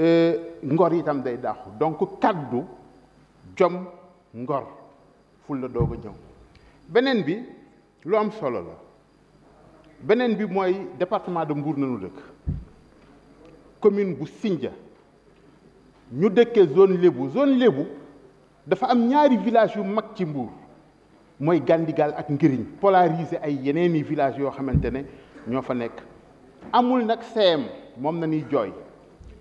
Eh, ngor itam day dàqu donc kaddu jom ngor ful la doog a ñëw beneen bi lu am solo la beneen bi mooy département de Mbour nanu dëkk commune bu sinja ñu dëkkee zone lébu zone lébu dafa am ñaari village yu mag ci Mbour mooy Gandigal ak Ngiriñ polarisé ay yeneeni village yoo xamante ne ñoo fa nekk amul nag CM moom na ñuy jooy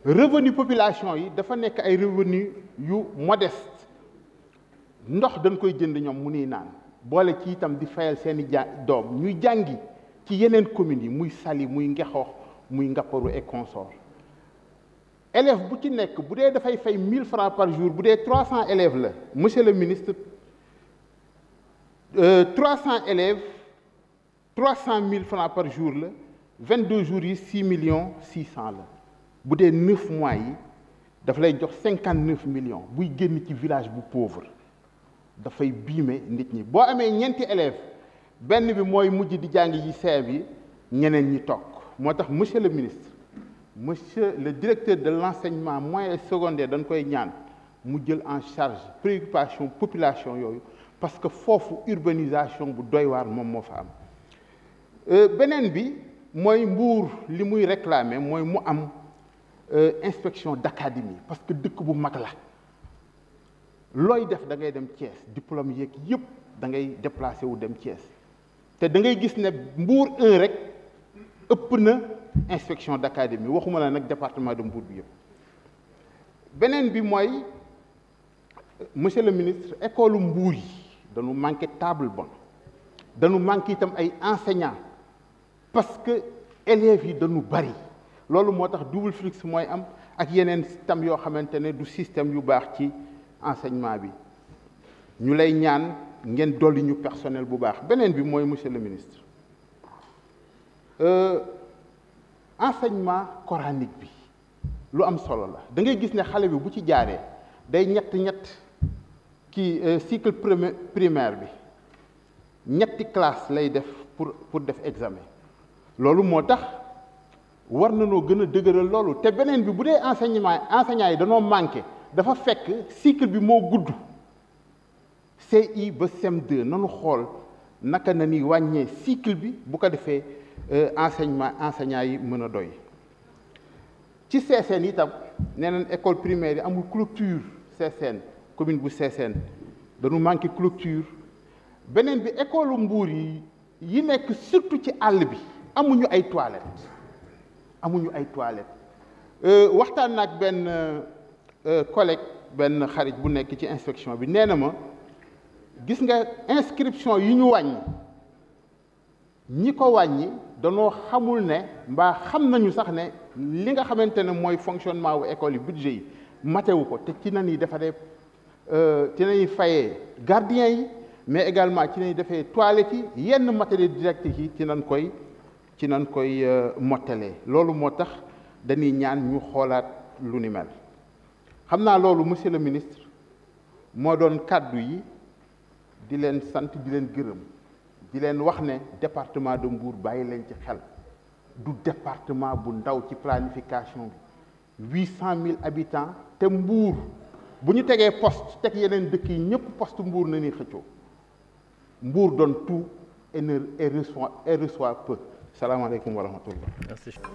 revenu population yi dafa nekk ay revenu yu modeste ndox dañ koy jënd ñoom mu nuy naan boole ci itam di fayal seeni ja doom ñuy jàngi ci yeneen communes yi muy sali muy Ngexoox muy Ngapparu et consort élève bu ci nekk bu dee dafay fay 1000 francs par jour bu dee 300 élèves la monsieur le ministre 300 euh, élèves 300 000 francs par jour la vingt deux jours yi 6 millions 600 la bu dee neuf mois yi dafa lay jox cinquante neuf million buy génn ci village bu pauvre dafay biime nit ñi boo amee ñeenti élèves benn bi mooy mujj di jàng yi seeb yi ñeneen ñi toog moo tax monsieur le ministre monsieur le directeur de l'enseignement moyen secondaire dañ koy ñaan mu jël en charge préoccupation population yooyu parce que foofu urbanisation bu doy waar moom moo fa am euh, beneen bi mooy mbuur li muy réclamer mooy mu am Euh, inspection d'académie parce que dëkk bu mag la looy def da ngay dem Thiès diplôme yeeg yëpp da ngay déplacé wu dem Thiès te da ngay gis ne Mbour 1 rek ëpp na inspection d'académie waxuma la nag département de Mbour bi yëpp beneen bi mooy monsieur le ministre école Mbour yi danu manqué table banc danu manqué itam ay enseignants parce que élèves yi dañu bari loolu moo tax double flux mooy am ak yeneen système yoo xamante ne du système yu baax ci enseignement bi ñu lay ñaan ngeen dolli ñu personnel bu baax beneen bi mooy monsieur le ministre euh, enseignement coranique bi lu am solo la da ngay gis ne xale bi bu ci jaaree day ñett ñett kii euh, cycle premier primaire bi ñetti classe lay def pour pour def examen loolu moo tax. war nanoo gën a dëgëral loolu te beneen bi bu dee enseignement enseignants yi danoo manqué dafa fekk cycle bi moo gudd CI ba cm xool naka na ni wàññee cycle bi bu ko defee euh, enseignement enseignants yi mën a doy ci CSN itam nee nañ école primaire yi amul clôture CSN commune bu CSN danu manqué clôture beneen bi école mbuur yi yi nekk surtout ci àll bi amuñu ay toilettes amuñu ay toilettes euh, waxtaan nag benn euh, euh, collègue benn xarit bu nekk ci inspection bi nee na ma gis nga inscription yu ñu wàññi ñi ko wàññi danoo xamul ne mbaa xam nañu sax ne li nga xamante ne mooy fonctionnement wu école yi budget yi matewu ko te ci nañuy defaree ci nañuy fayee gardien yi mais également ci nañuy defee toilettes yi yenn matériel direct yi ci nañ koy ci nan koy euh, mottalee loolu moo tax dañuy ñaan ñu xoolaat lu ni mel xam naa loolu monsieur le ministre moo doon kàddu yi di leen sant di leen gërëm di leen wax ne département de Mbour bàyyi leen ci xel du departement bu ndaw ci planification bi cent mille habitants te Mbour bu ñu tegee post te teg yeneen dëkk yi ñëpp post Mbour na ni xëccoo Mbour doon tout et ne et reçoit et salaamaaleykum wa rahmatullah. merci.